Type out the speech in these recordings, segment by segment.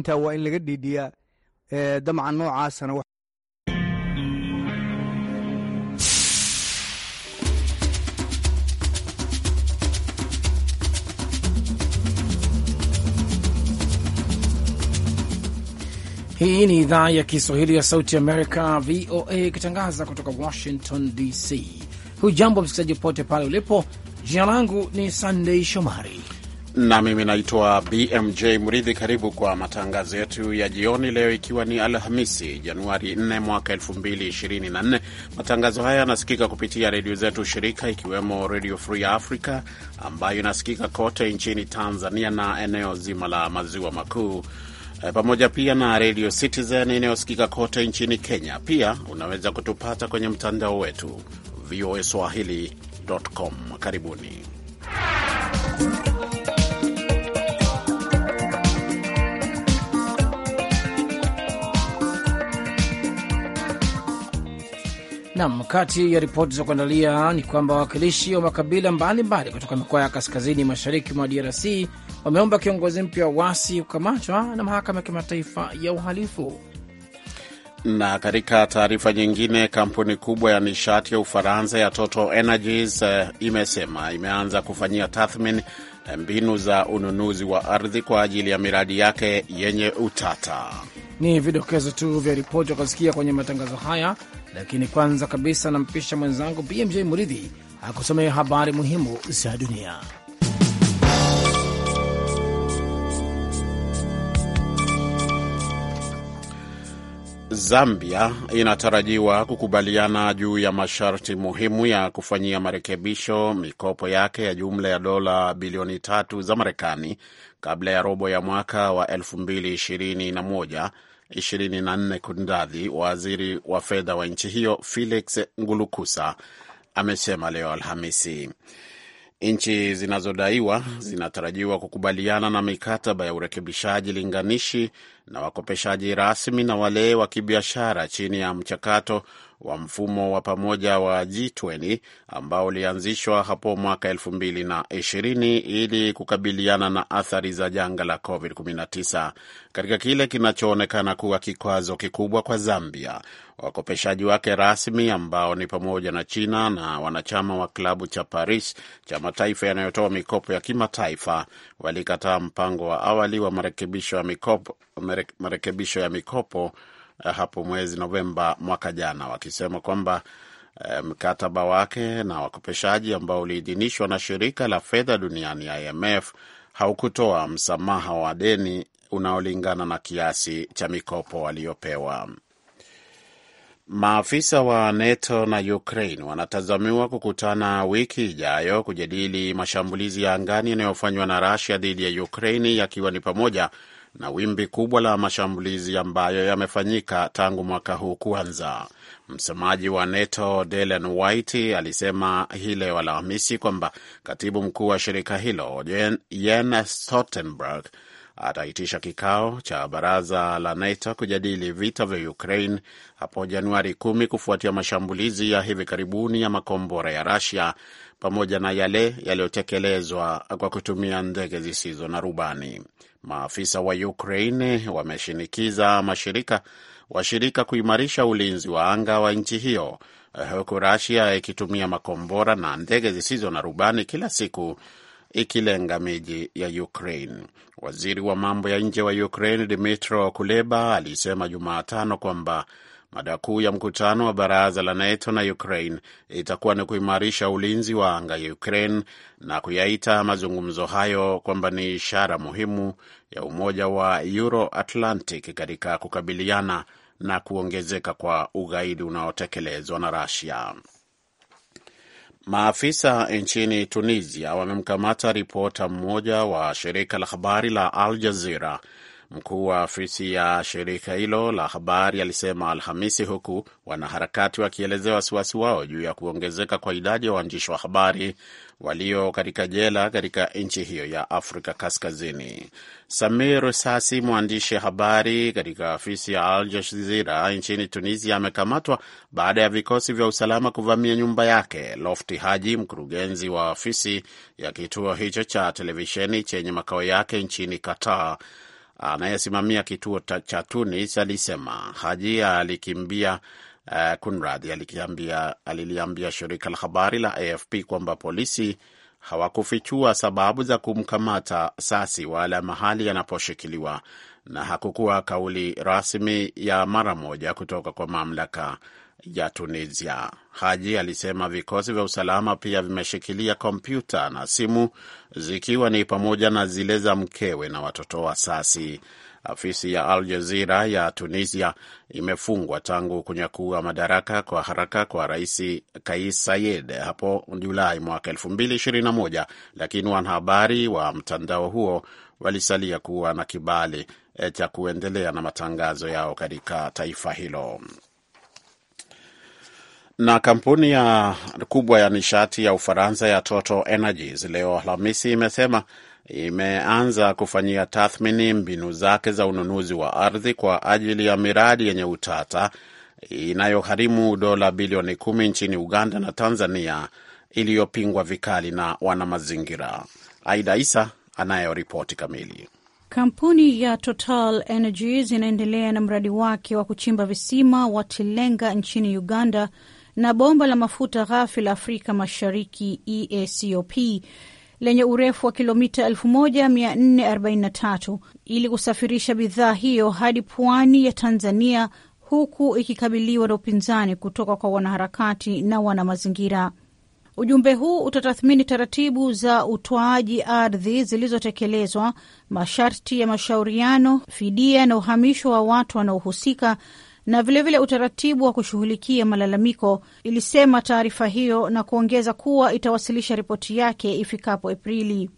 intaa waa in laga dhiidhiyaa ee, damca noocaasana Hii ni idhaa ya Kiswahili ya Sauti Amerika, VOA, ikitangaza kutoka Washington DC. Hujambo msikilizaji popote pale ulipo. Jina langu ni Sandei Shomari na mimi naitwa BMJ Mridhi. Karibu kwa matangazo yetu ya jioni leo, ikiwa ni Alhamisi Januari 4 mwaka 2024. Matangazo haya yanasikika kupitia redio zetu shirika, ikiwemo Redio Free Africa ambayo inasikika kote nchini Tanzania na eneo zima la maziwa makuu, e, pamoja pia na Redio Citizen inayosikika kote nchini Kenya. Pia unaweza kutupata kwenye mtandao wetu swahili.com. Karibuni. Nam, kati ya ripoti za kuandalia ni kwamba wawakilishi wa makabila mbalimbali kutoka mikoa ya kaskazini mashariki mwa DRC wameomba kiongozi mpya wa wasi kukamatwa na mahakama ya kimataifa ya uhalifu. Na katika taarifa nyingine, kampuni kubwa ya nishati ya Ufaransa ya Total Energies uh, imesema imeanza kufanyia tathmini eh, mbinu za ununuzi wa ardhi kwa ajili ya miradi yake yenye utata. Ni vidokezo tu vya ripoti wakasikia kwenye matangazo haya lakini kwanza kabisa nampisha mwenzangu BMJ Muridhi akusomea habari muhimu za dunia. Zambia inatarajiwa kukubaliana juu ya masharti muhimu ya kufanyia marekebisho mikopo yake ya jumla ya dola bilioni tatu za Marekani kabla ya robo ya mwaka wa 2021 24 kundadhi, waziri wa fedha wa nchi hiyo Felix Ngulukusa amesema leo Alhamisi. Nchi zinazodaiwa zinatarajiwa kukubaliana na mikataba ya urekebishaji linganishi na wakopeshaji rasmi na wale wa kibiashara chini ya mchakato wa mfumo wa pamoja wa G20 ambao ulianzishwa hapo mwaka 2020 ili kukabiliana na athari za janga la COVID-19 katika kile kinachoonekana kuwa kikwazo kikubwa kwa Zambia. Wakopeshaji wake rasmi ambao ni pamoja na China na wanachama wa klabu cha Paris cha mataifa yanayotoa mikopo ya kimataifa walikataa mpango wa awali wa marekebisho ya mikopo, marekebisho ya mikopo eh, hapo mwezi Novemba mwaka jana, wakisema kwamba eh, mkataba wake na wakopeshaji ambao uliidhinishwa na shirika la fedha duniani IMF haukutoa msamaha wa deni unaolingana na kiasi cha mikopo waliopewa. Maafisa wa NATO na Ukraine wanatazamiwa kukutana wiki ijayo kujadili mashambulizi ya angani yanayofanywa na Russia dhidi ya Ukraine yakiwa ni pamoja na wimbi kubwa la mashambulizi ambayo yamefanyika tangu mwaka huu kuanza. Msemaji wa NATO Dylan White alisema hii leo Alhamisi kwamba katibu mkuu wa shirika hilo Jens Stoltenberg ataitisha kikao cha baraza la NATO kujadili vita vya Ukraine hapo Januari kumi kufuatia mashambulizi ya hivi karibuni ya makombora ya rasia pamoja na yale yaliyotekelezwa kwa kutumia ndege zisizo na rubani. Maafisa wa Ukraine wameshinikiza mashirika washirika kuimarisha ulinzi wa anga wa nchi hiyo eh, huku rasia ikitumia makombora na ndege zisizo na rubani kila siku ikilenga miji ya Ukraine. Waziri wa mambo ya nje wa Ukraine Dmytro Kuleba alisema Jumatano kwamba mada kuu ya mkutano wa baraza la NATO na Ukraine itakuwa ni kuimarisha ulinzi wa anga ya Ukraine na kuyaita mazungumzo hayo kwamba ni ishara muhimu ya umoja wa Euro Atlantic katika kukabiliana na kuongezeka kwa ugaidi unaotekelezwa na Russia. Maafisa nchini Tunisia wamemkamata ripota mmoja wa shirika la habari la Al Jazira. Mkuu wa afisi ya shirika hilo la habari alisema Alhamisi, huku wanaharakati wakielezea wasiwasi wao juu ya kuongezeka kwa idadi ya waandishi wa habari walio katika jela katika nchi hiyo ya Afrika Kaskazini. Samir Sasi, mwandishi habari katika ofisi ya Al Jazira nchini Tunisia, amekamatwa baada ya vikosi vya usalama kuvamia nyumba yake. Lofti Haji, mkurugenzi wa ofisi ya kituo hicho cha televisheni chenye makao yake nchini Qatar anayesimamia kituo cha Tunis, alisema Haji alikimbia uh, aliliambia shirika la habari la AFP kwamba polisi hawakufichua sababu za kumkamata Sasi wala mahali yanaposhikiliwa na hakukuwa kauli rasmi ya mara moja kutoka kwa mamlaka ya Tunisia. Haji alisema vikosi vya usalama pia vimeshikilia kompyuta na simu zikiwa ni pamoja na zile za mkewe na watoto wa Sasi. Afisi ya Al Jazira ya Tunisia imefungwa tangu kunyakua madaraka kwa haraka kwa Rais Kais Saied hapo Julai mwaka 2021, lakini wanahabari wa mtandao huo walisalia kuwa na kibali eh, cha kuendelea na matangazo yao katika taifa hilo. Na kampuni ya kubwa ya nishati ya Ufaransa ya Total Energies leo Alhamisi imesema imeanza kufanyia tathmini mbinu zake za ununuzi wa ardhi kwa ajili ya miradi yenye utata inayogharimu dola bilioni kumi nchini Uganda na Tanzania, iliyopingwa vikali na wanamazingira. Aida Isa anayo ripoti kamili. Kampuni ya Total Energies inaendelea na mradi wake wa kuchimba visima wa Tilenga nchini Uganda na bomba la mafuta ghafi la Afrika Mashariki EACOP lenye urefu wa kilomita 1443 ili kusafirisha bidhaa hiyo hadi pwani ya Tanzania, huku ikikabiliwa na upinzani kutoka kwa wanaharakati na wanamazingira. Ujumbe huu utatathmini taratibu za utoaji ardhi zilizotekelezwa, masharti ya mashauriano, fidia na uhamisho wa watu wanaohusika na vilevile vile utaratibu wa kushughulikia malalamiko, ilisema taarifa hiyo, na kuongeza kuwa itawasilisha ripoti yake ifikapo Aprili.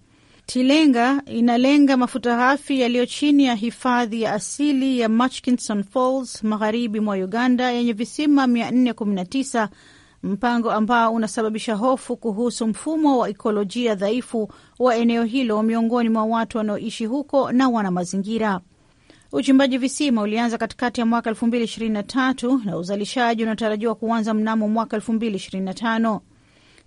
Tilenga inalenga mafuta ghafi yaliyo chini ya hifadhi ya asili ya Murchison Falls magharibi mwa Uganda yenye visima 419, mpango ambao unasababisha hofu kuhusu mfumo wa ikolojia dhaifu wa eneo hilo miongoni mwa watu wanaoishi huko na wana mazingira. Uchimbaji visima ulianza katikati ya mwaka 2023 na uzalishaji unatarajiwa kuanza mnamo mwaka 2025.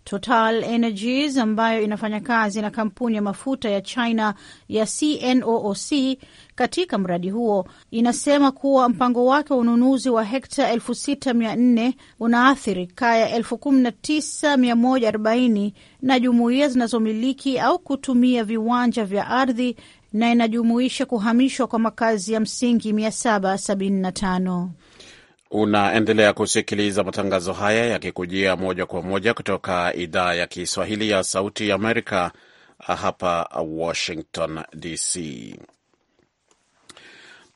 Total Energies ambayo inafanya kazi na kampuni ya mafuta ya China ya CNOOC katika mradi huo inasema kuwa mpango wake wa ununuzi wa hekta 6400 unaathiri kaya 19140 na jumuiya zinazomiliki au kutumia viwanja vya ardhi na inajumuisha kuhamishwa kwa makazi ya msingi 775. Unaendelea kusikiliza matangazo haya yakikujia moja kwa moja kutoka idhaa ya Kiswahili ya Sauti ya Amerika hapa Washington DC.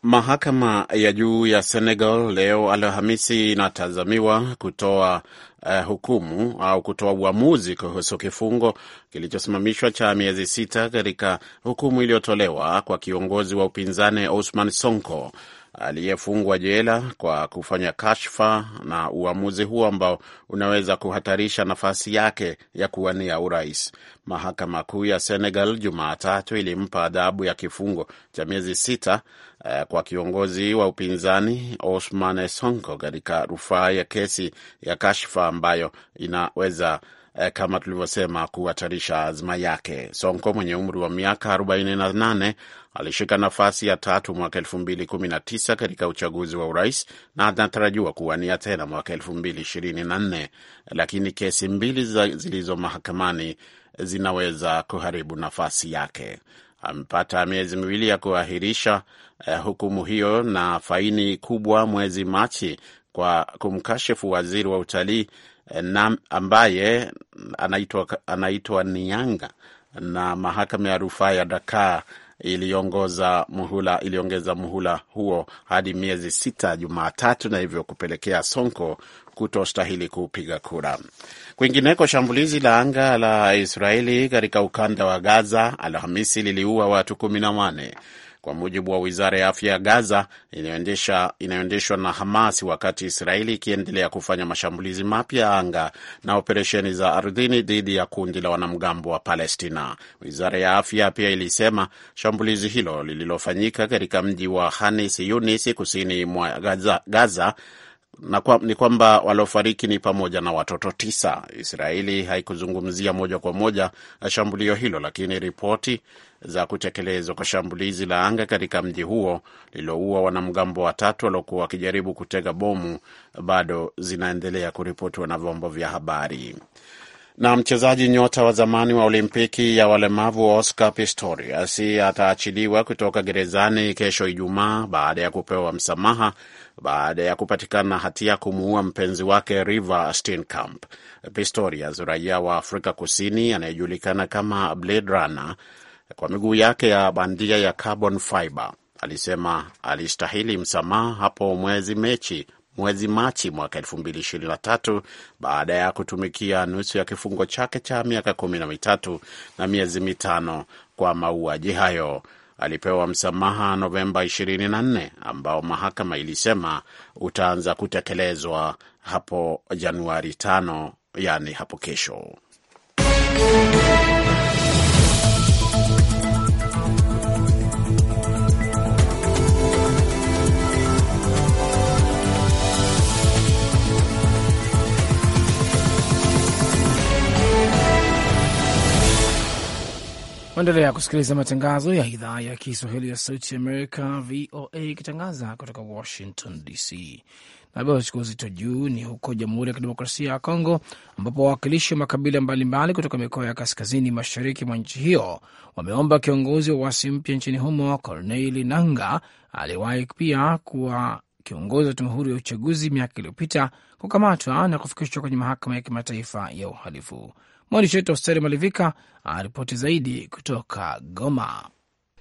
Mahakama ya juu ya Senegal leo Alhamisi inatazamiwa kutoa uh, hukumu au kutoa uamuzi kuhusu kifungo kilichosimamishwa cha miezi sita katika hukumu iliyotolewa kwa kiongozi wa upinzani Ousmane Sonko aliyefungwa jela kwa kufanya kashfa na uamuzi huo ambao unaweza kuhatarisha nafasi yake ya kuwania urais. Mahakama Kuu ya Senegal Jumatatu ilimpa adhabu ya kifungo cha miezi sita eh, kwa kiongozi wa upinzani Ousmane Sonko katika rufaa ya kesi ya kashfa ambayo inaweza Eh, kama tulivyosema, kuhatarisha azma yake. Sonko mwenye umri wa miaka 48 alishika nafasi ya tatu mwaka 2019 katika uchaguzi wa urais na anatarajiwa kuwania tena mwaka 2024, lakini kesi mbili zilizo mahakamani zinaweza kuharibu nafasi yake. Amepata miezi miwili ya kuahirisha eh, hukumu hiyo na faini kubwa mwezi Machi kwa kumkashifu waziri wa utalii Eh, na ambaye anaitwa, anaitwa Nianga na mahakama ya rufaa ya Dakar iliongoza muhula iliongeza muhula huo hadi miezi sita Jumatatu, na hivyo kupelekea Sonko kutostahili kupiga kura. Kwingineko, shambulizi la anga la Israeli katika ukanda wa Gaza Alhamisi liliua watu kumi na wane kwa mujibu wa wizara ya afya ya Gaza inayoendeshwa na Hamas, wakati Israeli ikiendelea kufanya mashambulizi mapya ya anga na operesheni za ardhini dhidi ya kundi la wanamgambo wa Palestina. Wizara ya afya pia ilisema shambulizi hilo lililofanyika katika mji wa hanis Yunis kusini mwa Gaza, Gaza na kwa, ni kwamba waliofariki ni pamoja na watoto tisa. Israeli haikuzungumzia moja kwa moja shambulio hilo, lakini ripoti za kutekelezwa kwa shambulizi la anga katika mji huo lililoua wanamgambo watatu waliokuwa wakijaribu kutega bomu bado zinaendelea kuripotiwa na vyombo vya habari. Na mchezaji nyota wa zamani wa Olimpiki ya walemavu Oscar Pistorius ataachiliwa kutoka gerezani kesho Ijumaa baada ya kupewa msamaha baada ya kupatikana hatia kumuua mpenzi wake Reeva Steenkamp. Pistorius, raia wa Afrika Kusini anayejulikana kama Blade Runner kwa miguu yake ya bandia ya carbon fiber, alisema alistahili msamaha hapo mwezi Mechi mwezi Machi mwaka tatu baada ya kutumikia nusu ya kifungo chake cha miaka kumi na mitatu na miezi mitano kwa mauaji hayo. Alipewa msamaha Novemba 24 ambao mahakama ilisema utaanza kutekelezwa hapo Januari tano yani hapo kesho. endelea kusikiliza matangazo ya idhaa ya Kiswahili ya Sauti Amerika, VOA, ikitangaza kutoka Washington DC. Nabachukua uzito juu ni huko Jamhuri ya Kidemokrasia ya Kongo, ambapo wawakilishi wa makabila mbalimbali kutoka mikoa ya kaskazini mashariki mwa nchi hiyo wameomba kiongozi wa uasi mpya nchini humo Corneille Nangaa, aliyewahi pia kuwa kiongozi wa tume huru ya uchaguzi miaka iliyopita, kukamatwa na kufikishwa kwenye mahakama ya kimataifa ya uhalifu. Mwandishi wetu Hosteri Malivika aripoti zaidi kutoka Goma.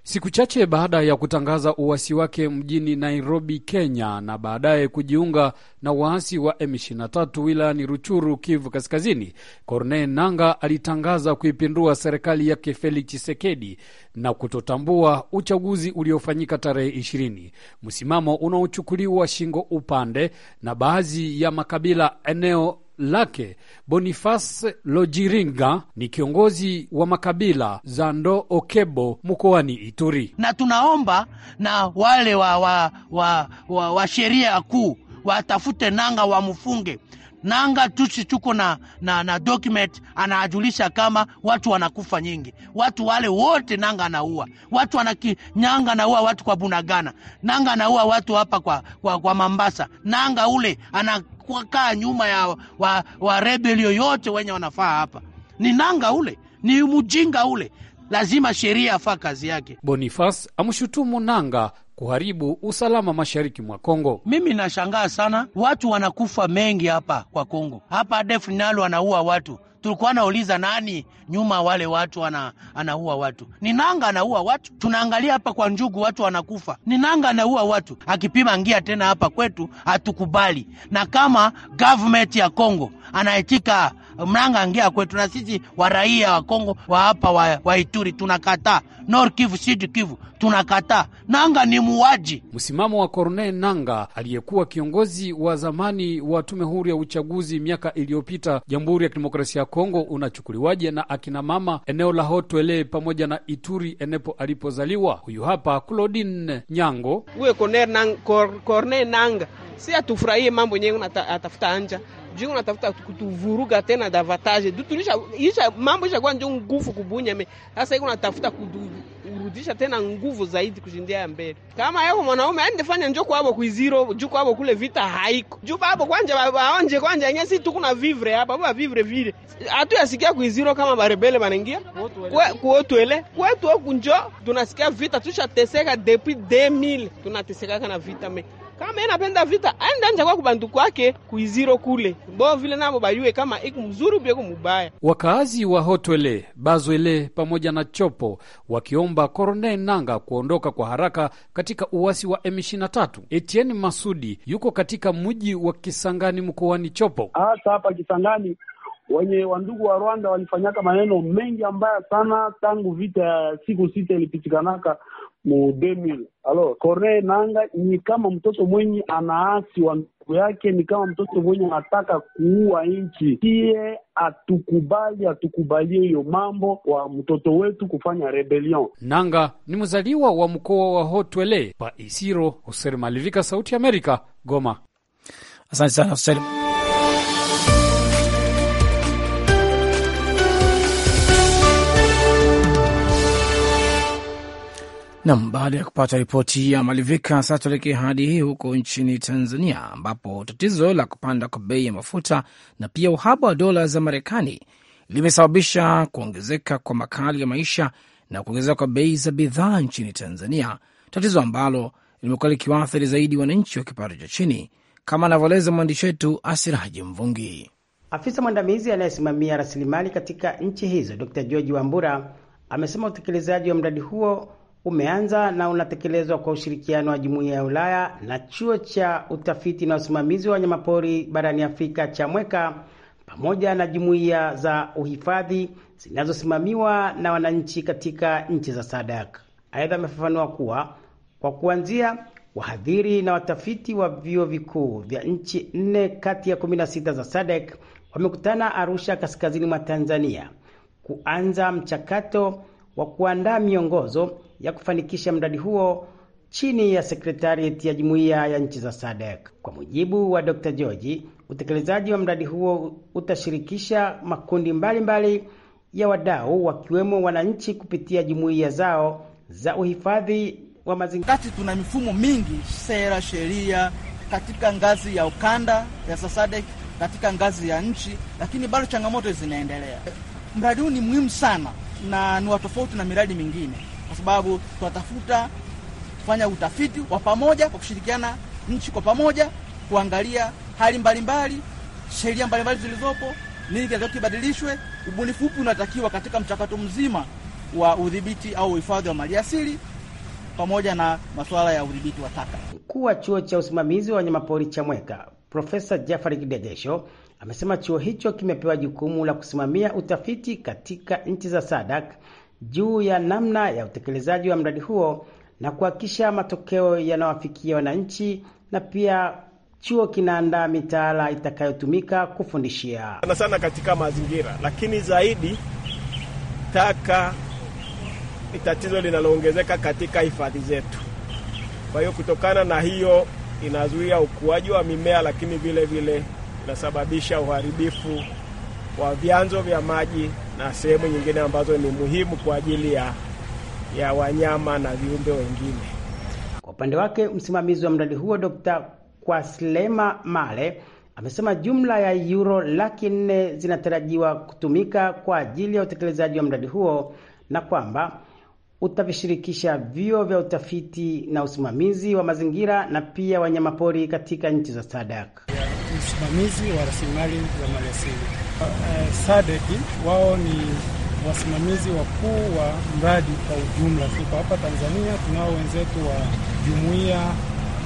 Siku chache baada ya kutangaza uwasi wake mjini Nairobi, Kenya, na baadaye kujiunga na waasi wa M23 wilayani Ruchuru, Kivu Kaskazini, Corneille Nanga alitangaza kuipindua serikali yake Felix Tshisekedi na kutotambua uchaguzi uliofanyika tarehe ishirini, msimamo unaochukuliwa shingo upande na baadhi ya makabila eneo lake. Boniface Lojiringa ni kiongozi wa makabila za Ndo Okebo mkoani Ituri, na tunaomba na wale wa, wa, wa, wa, wa sheria kuu watafute nanga wamfunge nanga tusi tuko na, na, na document anaajulisha kama watu wanakufa nyingi, watu wale wote nanga anaua watu wanaki, nyanga anaua watu kwa Bunagana, nanga anaua watu hapa kwa, kwa, kwa Mambasa, nanga ule ana hawakukaa nyuma ya wa, wa rebel yoyote wenye wanafaa hapa. Ni nanga ule, ni mjinga ule, lazima sheria afaa kazi yake. Bonifas amshutumu nanga kuharibu usalama mashariki mwa Kongo. Mimi nashangaa sana, watu wanakufa mengi hapa kwa Kongo. Hapa ADF nalo anaua watu, tulikuwa nauliza nani nyuma wale watu ana, anaua watu ni nanga anaua watu. Tunaangalia hapa kwa njugu watu wanakufa, ni nanga anaua watu. Akipima ngia tena hapa kwetu hatukubali, na kama government ya Kongo anaitika Mlanga angia kwetu, na sisi wa raia wa Kongo wa hapa wa, wa Ituri tunakataa. Nord Kivu, Sud Kivu tunakataa. Nanga ni muwaji. Msimamo wa Corneille Nanga aliyekuwa kiongozi wa zamani wa tume huru ya uchaguzi miaka iliyopita Jamhuri ya Kidemokrasia ya Kongo unachukuliwaje na akina mama eneo la Hotwele pamoja na Ituri enepo alipozaliwa? Huyu hapa Claudine Nyango. Uwe Corneille Nanga, si atufurahie mambo yenyewe, atafuta anja juu unatafuta kutuvuruga tena davatage dutulisha isha mambo ishakuwa njo nguvu kubunya me sasa iko unatafuta kurudisha tena nguvu zaidi kushindia mbele. Kama yako mwanaume ende yaani fanya njo kwabo kuiziro juu kwabo kule vita haiko juu babo kwanja baonje kwanja yenyewe si tuko na vivre hapa baba vivre vile hatu yasikia kuiziro kama barebele banaingia kuotwele kwetu kunjo tunasikia vita tushateseka depuis 2000 tunatesekaka na vita me kama inapenda vita aenda nje kwa kubantu kwake kuiziro kule bo vile nabo bayue kama iku mzuri bieku mubaya. Wakaazi wa Hotwele Bazwele pamoja na Chopo wakiomba Koronel Nanga kuondoka kwa haraka katika uwasi wa M23. Etienne Masudi yuko katika mji wa Kisangani mkoani Chopo. Hasa hapa Kisangani wenye wandugu wa Rwanda walifanyaka maneno mengi ambayo sana tangu vita ya siku sita ilipitikanaka mu 2000. Alors Corneille Nanga ni kama mtoto mwenye anaasi wa ndugu yake, ni kama mtoto mwenye anataka kuua nchi. iye atukubali, atukubali hiyo mambo wa mtoto wetu kufanya rebellion. Nanga ni mzaliwa wa mkoa wa Hotwele pa Isiro. Hoser Malivika, Sauti ya Amerika, Goma. Asante sana Hoser. Nam, baada ya kupata ripoti ya Malivika, sasa tuelekee hadi hii huko nchini Tanzania, ambapo tatizo la kupanda kwa bei ya mafuta na pia uhaba wa dola za Marekani limesababisha kuongezeka kwa makali ya maisha na kuongezeka kwa bei za bidhaa nchini Tanzania, tatizo ambalo limekuwa likiwaathiri zaidi wananchi wa kipato cha chini, kama anavyoeleza mwandishi wetu Asiraji Mvungi. Afisa mwandamizi anayesimamia rasilimali katika nchi hizo Dr George Wambura amesema utekelezaji wa mradi huo umeanza na unatekelezwa kwa ushirikiano wa Jumuiya ya Ulaya na Chuo cha Utafiti na Usimamizi wa Wanyamapori barani Afrika cha Mweka pamoja na jumuiya za uhifadhi zinazosimamiwa na wananchi katika nchi za SADAK. Aidha, amefafanua kuwa kwa kuanzia wahadhiri na watafiti wa vyuo vikuu vya nchi nne kati ya 16 za SADEK wamekutana Arusha, kaskazini mwa Tanzania, kuanza mchakato wa kuandaa miongozo ya kufanikisha mradi huo chini ya sekretarieti ya jumuiya ya nchi za SADC. Kwa mujibu wa Dr. Georgi, utekelezaji wa mradi huo utashirikisha makundi mbalimbali mbali ya wadau wakiwemo wananchi kupitia jumuiya zao za uhifadhi wa mazingira. Kati tuna mifumo mingi, sera, sheria katika ngazi ya ukanda ya SASADEK, katika ngazi ya nchi, lakini bado changamoto zinaendelea. Mradi huu ni muhimu sana na ni wa tofauti na miradi mingine kwa sababu tunatafuta kufanya utafiti wa pamoja kwa kushirikiana nchi kwa pamoja, kuangalia hali mbalimbali, sheria mbalimbali zilizopo, nini kinatakiwa kibadilishwe. Ubunifu upi unatakiwa katika mchakato mzima wa udhibiti au uhifadhi wa maliasili pamoja na masuala ya udhibiti wa taka. Mkuu wa chuo cha usimamizi wa wanyamapori Chamweka, Profesa Jafari Kidegesho amesema chuo hicho kimepewa jukumu la kusimamia utafiti katika nchi za SADAK juu ya namna ya utekelezaji wa mradi huo na kuhakikisha matokeo yanawafikia wananchi na pia chuo kinaandaa mitaala itakayotumika kufundishia sana sana katika mazingira, lakini zaidi taka ni tatizo linaloongezeka katika hifadhi zetu. Kwa hiyo kutokana na hiyo inazuia ukuaji wa mimea, lakini vile vile inasababisha uharibifu wa vyanzo vya maji na sehemu nyingine ambazo ni muhimu kwa ajili ya, ya wanyama na viumbe wengine. Kwa upande wake msimamizi wa mradi huo Dr. Kwaslema Male amesema jumla ya yuro laki nne zinatarajiwa kutumika kwa ajili ya utekelezaji wa mradi huo na kwamba utavishirikisha vyuo vya utafiti na usimamizi wa mazingira na pia wanyamapori katika nchi za SADC usimamizi wa rasilimali za maliasili. Eh, SADC wao ni wasimamizi wakuu wa mradi kwa ujumla. Kwa hapa Tanzania tunao wenzetu wa jumuiya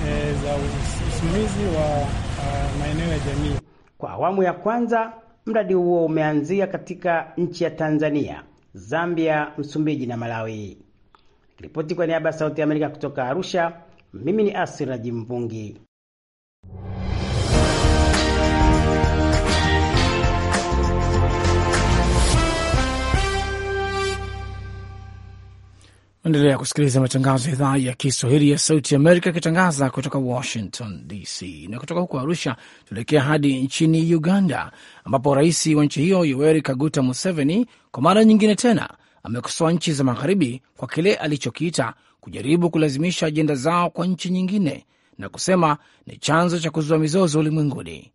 e, za usimamizi wa eh, maeneo ya jamii. Kwa awamu ya kwanza mradi huo umeanzia katika nchi ya Tanzania, Zambia, Msumbiji na Malawi. Ripoti kwa niaba ya Sauti ya Amerika kutoka Arusha, mimi ni Asir Rajimvungi. Endelea kusikiliza matangazo ya idhaa ya Kiswahili ya Sauti Amerika ikitangaza kutoka Washington DC. Na kutoka huko Arusha tuelekea hadi nchini Uganda, ambapo rais wa nchi hiyo Yoweri Kaguta Museveni kwa mara nyingine tena amekosoa nchi za magharibi kwa kile alichokiita kujaribu kulazimisha ajenda zao kwa nchi nyingine na kusema ni chanzo cha kuzua mizozo ulimwenguni.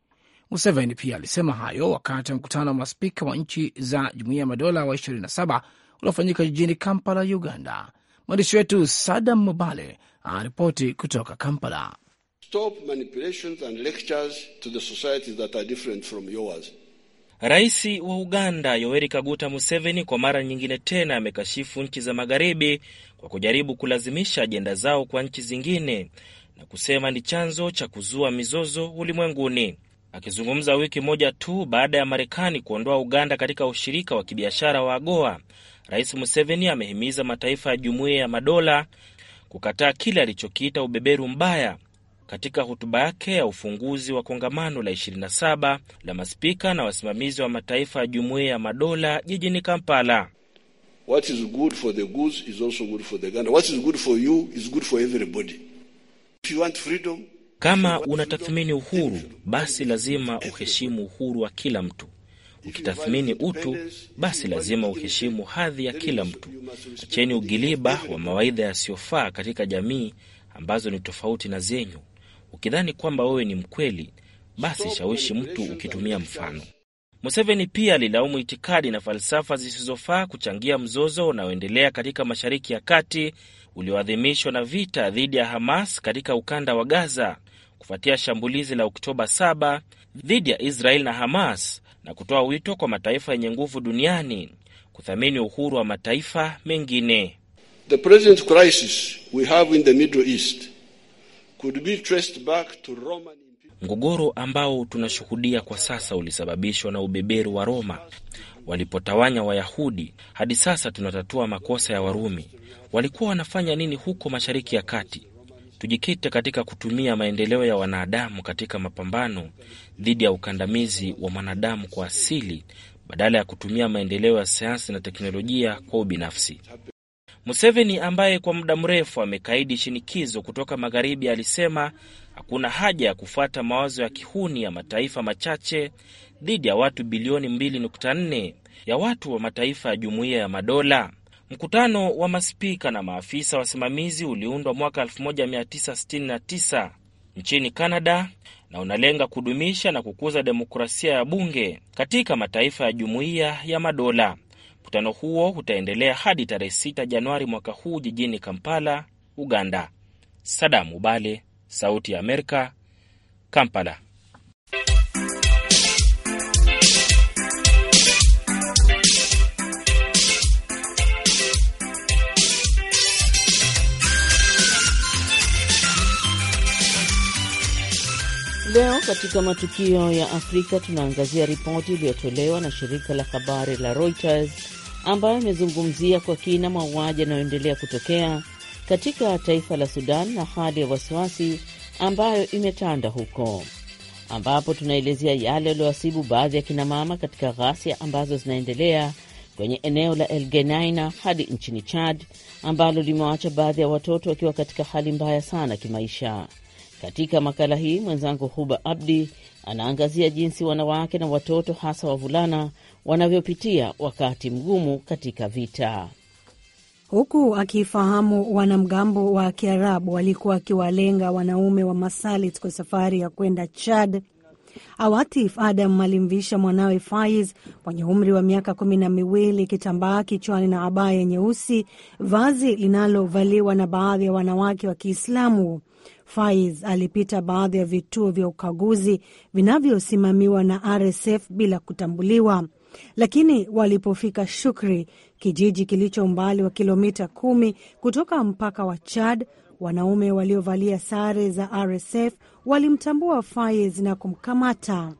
Museveni pia alisema hayo wakati wa mkutano wa maspika wa nchi za Jumuiya ya Madola wa 27 uliofanyika jijini Kampala, Uganda. Mwandishi wetu Sadam Mubale anaripoti kutoka Kampala. Stop manipulations and lectures to the societies that are different from yours. Rais wa Uganda Yoweri Kaguta Museveni kwa mara nyingine tena amekashifu nchi za magharibi kwa kujaribu kulazimisha ajenda zao kwa nchi zingine na kusema ni chanzo cha kuzua mizozo ulimwenguni. Akizungumza wiki moja tu baada ya Marekani kuondoa Uganda katika ushirika wa kibiashara wa AGOA, Rais Museveni amehimiza mataifa ya Jumuiya ya Madola kukataa kile alichokiita ubeberu mbaya. Katika hotuba yake ya ufunguzi wa kongamano la 27 la maspika na wasimamizi wa mataifa ya Jumuiya ya Madola jijini Kampala, kama unatathmini uhuru, basi lazima uheshimu uhuru wa kila mtu. Ukitathmini utu, basi lazima uheshimu hadhi ya kila mtu. Acheni ugiliba wa mawaidha yasiyofaa katika jamii ambazo ni tofauti na zenyu. Ukidhani kwamba wewe ni mkweli, basi shawishi mtu ukitumia mfano. Museveni pia alilaumu itikadi na falsafa zisizofaa kuchangia mzozo unaoendelea katika Mashariki ya Kati ulioadhimishwa na vita dhidi ya Hamas katika ukanda wa Gaza kufuatia shambulizi la Oktoba 7 dhidi ya Israel na Hamas na kutoa wito kwa mataifa yenye nguvu duniani kuthamini uhuru wa mataifa mengine. The present crisis we have in the Middle East could be traced back to Roman... Mgogoro ambao tunashuhudia kwa sasa ulisababishwa na ubeberu wa Roma walipotawanya Wayahudi. Hadi sasa tunatatua makosa ya Warumi. Walikuwa wanafanya nini huko Mashariki ya Kati? tujikite katika kutumia maendeleo ya wanadamu katika mapambano dhidi ya ukandamizi wa mwanadamu kwa asili badala ya kutumia maendeleo ya sayansi na teknolojia kwa ubinafsi. Museveni ambaye kwa muda mrefu amekaidi shinikizo kutoka magharibi alisema hakuna haja ya kufuata mawazo ya kihuni ya mataifa machache dhidi ya watu bilioni 2.4 ya watu wa mataifa ya jumuiya ya madola. Mkutano wa maspika na maafisa wasimamizi uliundwa mwaka 1969 nchini Canada na unalenga kudumisha na kukuza demokrasia ya bunge katika mataifa ya jumuiya ya madola. Mkutano huo utaendelea hadi tarehe 6 Januari mwaka huu jijini Kampala, Uganda. Sadamu Bale, Sauti ya Amerika, Kampala. katika matukio ya Afrika tunaangazia ripoti iliyotolewa na shirika la habari la Reuters ambayo imezungumzia kwa kina mauaji yanayoendelea kutokea katika taifa la Sudan na hali ya wasiwasi ambayo imetanda huko, ambapo tunaelezea yale yaliyoasibu baadhi ya kinamama katika ghasia ambazo zinaendelea kwenye eneo la elgenaina hadi nchini Chad, ambalo limewaacha baadhi ya watoto wakiwa katika hali mbaya sana kimaisha. Katika makala hii mwenzangu Huba Abdi anaangazia jinsi wanawake na watoto hasa wavulana wanavyopitia wakati mgumu katika vita, huku akifahamu wanamgambo wa Kiarabu walikuwa wakiwalenga wanaume wa Masalit kwa safari ya kwenda Chad. Awatif Adam alimvisha mwanawe Faiz mwenye umri wa miaka kumi na miwili kitambaa kichwani na abaya nyeusi, vazi linalovaliwa na baadhi ya wanawake wa Kiislamu Faiz alipita baadhi ya vituo vya ukaguzi vinavyosimamiwa na RSF bila kutambuliwa, lakini walipofika Shukri, kijiji kilicho umbali wa kilomita kumi kutoka mpaka wa Chad, wanaume waliovalia sare za RSF walimtambua Faiz na kumkamata.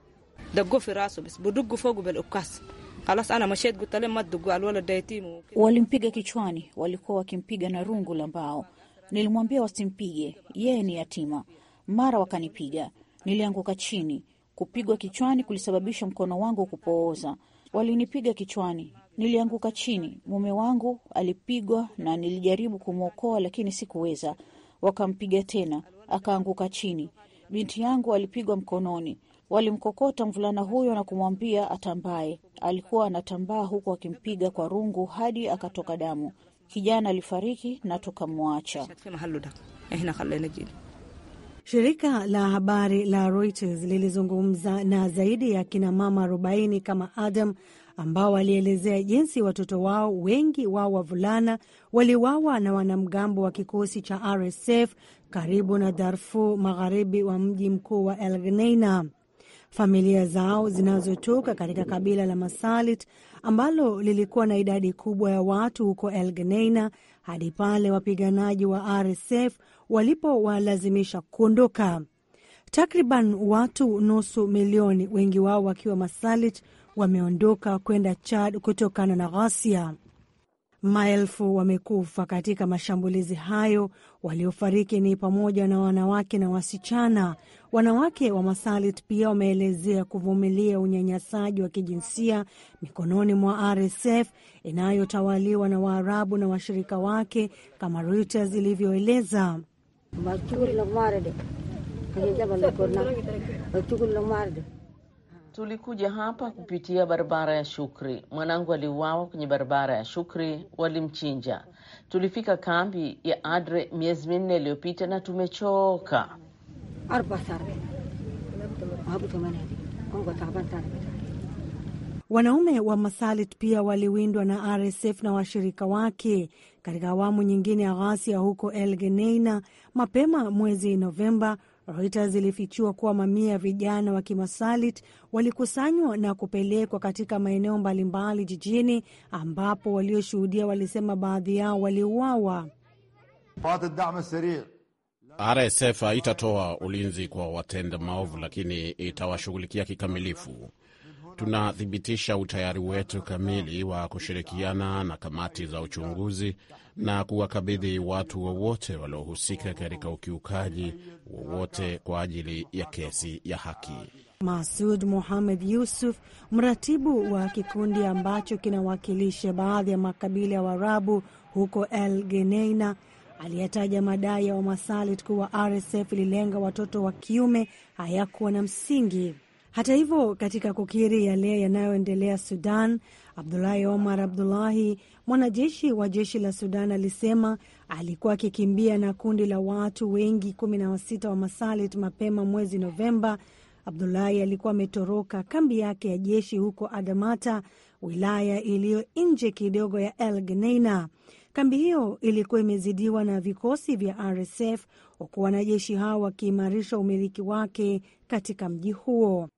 Walimpiga kichwani, walikuwa wakimpiga na rungu la mbao. Nilimwambia wasimpige, yeye ni yatima. Mara wakanipiga, nilianguka chini. Kupigwa kichwani kulisababisha mkono wangu kupooza. Walinipiga kichwani, nilianguka chini. Mume wangu alipigwa na nilijaribu kumwokoa, lakini sikuweza. Wakampiga tena, akaanguka chini. Binti yangu alipigwa mkononi. Walimkokota mvulana huyo na kumwambia atambae. Alikuwa anatambaa huku akimpiga kwa rungu hadi akatoka damu. Kijana alifariki na tukamwacha. Eh, Shirika la habari la Reuters lilizungumza na zaidi ya kinamama 40 kama Adam ambao walielezea jinsi watoto wao, wengi wao wavulana, waliwawa na wanamgambo wa kikosi cha RSF karibu na Darfur magharibi wa mji mkuu wa El Geneina. Familia zao zinazotoka katika kabila la Masalit ambalo lilikuwa na idadi kubwa ya watu huko El Geneina hadi pale wapiganaji wa RSF walipowalazimisha kuondoka. Takriban watu nusu milioni, wengi wao wakiwa Masalit, wameondoka kwenda Chad kutokana na ghasia. Maelfu wamekufa katika mashambulizi hayo. Waliofariki ni pamoja na wanawake na wasichana, Wanawake wa Masalit pia wameelezea kuvumilia unyanyasaji wa kijinsia mikononi mwa RSF inayotawaliwa na Waarabu na washirika wake kama Reuters ilivyoeleza. Tulikuja hapa kupitia barabara ya Shukri. Mwanangu aliuawa kwenye barabara ya Shukri, walimchinja. Tulifika kambi ya Adre miezi minne iliyopita na tumechoka. Wanaume wa Masalit pia waliwindwa na RSF na washirika wake katika awamu nyingine ya ghasia huko El Geneina. Mapema mwezi Novemba, Reuters ilifichua kuwa mamia ya vijana wa Kimasalit walikusanywa na kupelekwa katika maeneo mbalimbali jijini, ambapo walioshuhudia walisema baadhi yao waliuawa. RSF haitatoa ulinzi kwa watenda maovu, lakini itawashughulikia kikamilifu. Tunathibitisha utayari wetu kamili wa kushirikiana na kamati za uchunguzi na kuwakabidhi watu wowote waliohusika katika ukiukaji wowote kwa ajili ya kesi ya haki. Masud Muhamed Yusuf, mratibu wa kikundi ambacho kinawakilisha baadhi ya makabila ya Waarabu huko El Geneina, aliyetaja madai ya Wamasalit kuwa RSF ililenga watoto wa kiume hayakuwa na msingi. Hata hivyo, katika kukiri yale yanayoendelea Sudan, Abdulahi Omar Abdulahi, mwanajeshi wa jeshi la Sudan, alisema alikuwa akikimbia na kundi la watu wengi 16 wa Masalit mapema mwezi Novemba. Abdulahi alikuwa ametoroka kambi yake ya jeshi huko Adamata, wilaya iliyo nje kidogo ya El Geneina. Kambi hiyo ilikuwa imezidiwa na vikosi vya RSF huku wanajeshi hao wakiimarisha umiliki wake katika mji huo.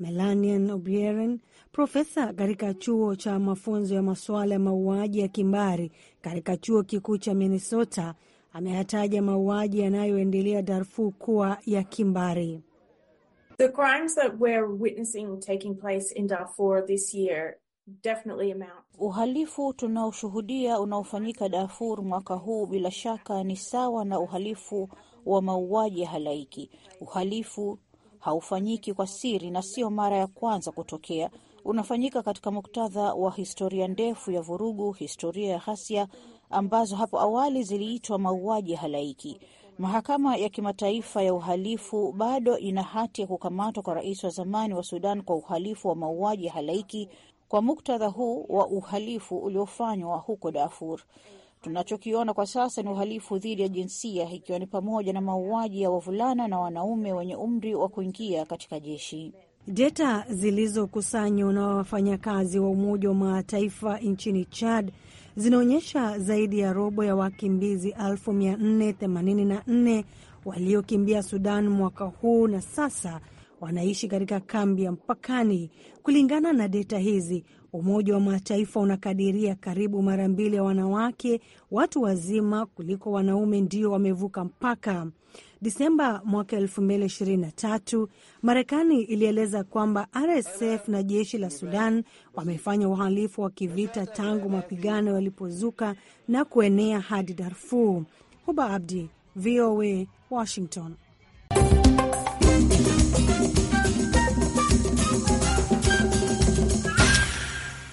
Melanian obieren profesa katika chuo cha mafunzo ya masuala ya mauaji ya kimbari katika chuo kikuu cha Minnesota, ameyataja mauaji yanayoendelea Darfur kuwa ya kimbari. The crimes that we're witnessing taking place in Darfur this year definitely amount. Uhalifu tunaoshuhudia unaofanyika Darfur mwaka huu bila shaka ni sawa na uhalifu wa mauaji ya halaiki. Uhalifu haufanyiki kwa siri na sio mara ya kwanza kutokea. Unafanyika katika muktadha wa historia ndefu ya vurugu, historia ya ghasia ambazo hapo awali ziliitwa mauaji ya halaiki. Mahakama ya Kimataifa ya Uhalifu bado ina hati ya kukamatwa kwa rais wa zamani wa Sudan kwa uhalifu wa mauaji ya halaiki kwa muktadha huu wa uhalifu uliofanywa huko Darfur. Tunachokiona kwa sasa ni uhalifu dhidi ya jinsia, ikiwa ni pamoja na mauaji ya wavulana na wanaume wenye umri wa kuingia katika jeshi. Deta zilizokusanywa na wafanyakazi wa Umoja wa Mataifa nchini Chad zinaonyesha zaidi ya robo ya wakimbizi 484 waliokimbia Sudan mwaka huu na sasa wanaishi katika kambi ya mpakani. Kulingana na deta hizi, Umoja wa Mataifa unakadiria karibu mara mbili ya wanawake watu wazima kuliko wanaume ndio wamevuka mpaka. Disemba mwaka 2023 Marekani ilieleza kwamba RSF na jeshi la Sudan wamefanya uhalifu wa kivita tangu mapigano yalipozuka na kuenea hadi Darfur. Huba Abdi, VOA, Washington.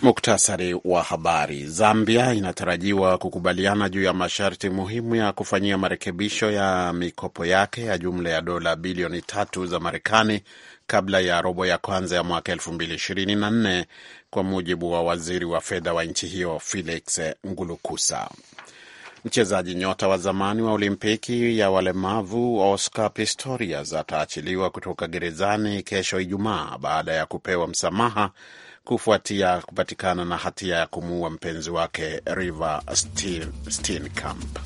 Muktasari wa habari. Zambia inatarajiwa kukubaliana juu ya masharti muhimu ya kufanyia marekebisho ya mikopo yake ya jumla ya dola bilioni tatu za Marekani kabla ya robo ya kwanza ya mwaka elfu mbili ishirini na nne kwa mujibu wa waziri wa fedha wa nchi hiyo Felix Ngulukusa. Mchezaji nyota wa zamani wa Olimpiki ya walemavu Oscar Pistorius ataachiliwa kutoka gerezani kesho Ijumaa baada ya kupewa msamaha kufuatia kupatikana na hatia ya kumuua mpenzi wake Reeva Steenkamp.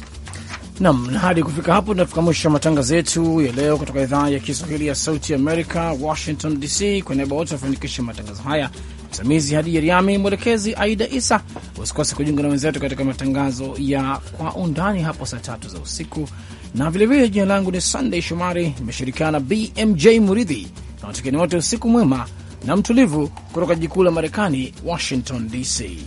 Nam, na hadi kufika hapo tunafika mwisho wa matangazo yetu ya leo kutoka idhaa ya Kiswahili ya Sauti Amerika, Washington DC. Kwa niaba wote wafanikisha matangazo haya, msimamizi Hadi Jeriami, mwelekezi Aida Isa. Usikose kujiunga na wenzetu katika matangazo ya Kwa Undani hapo saa tatu za usiku, na vilevile, jina langu ni Sunday Shomari, nimeshirikiana BMJ Muridhi na watekeni wote, usiku mwema na mtulivu kutoka jikuu la Marekani, Washington DC.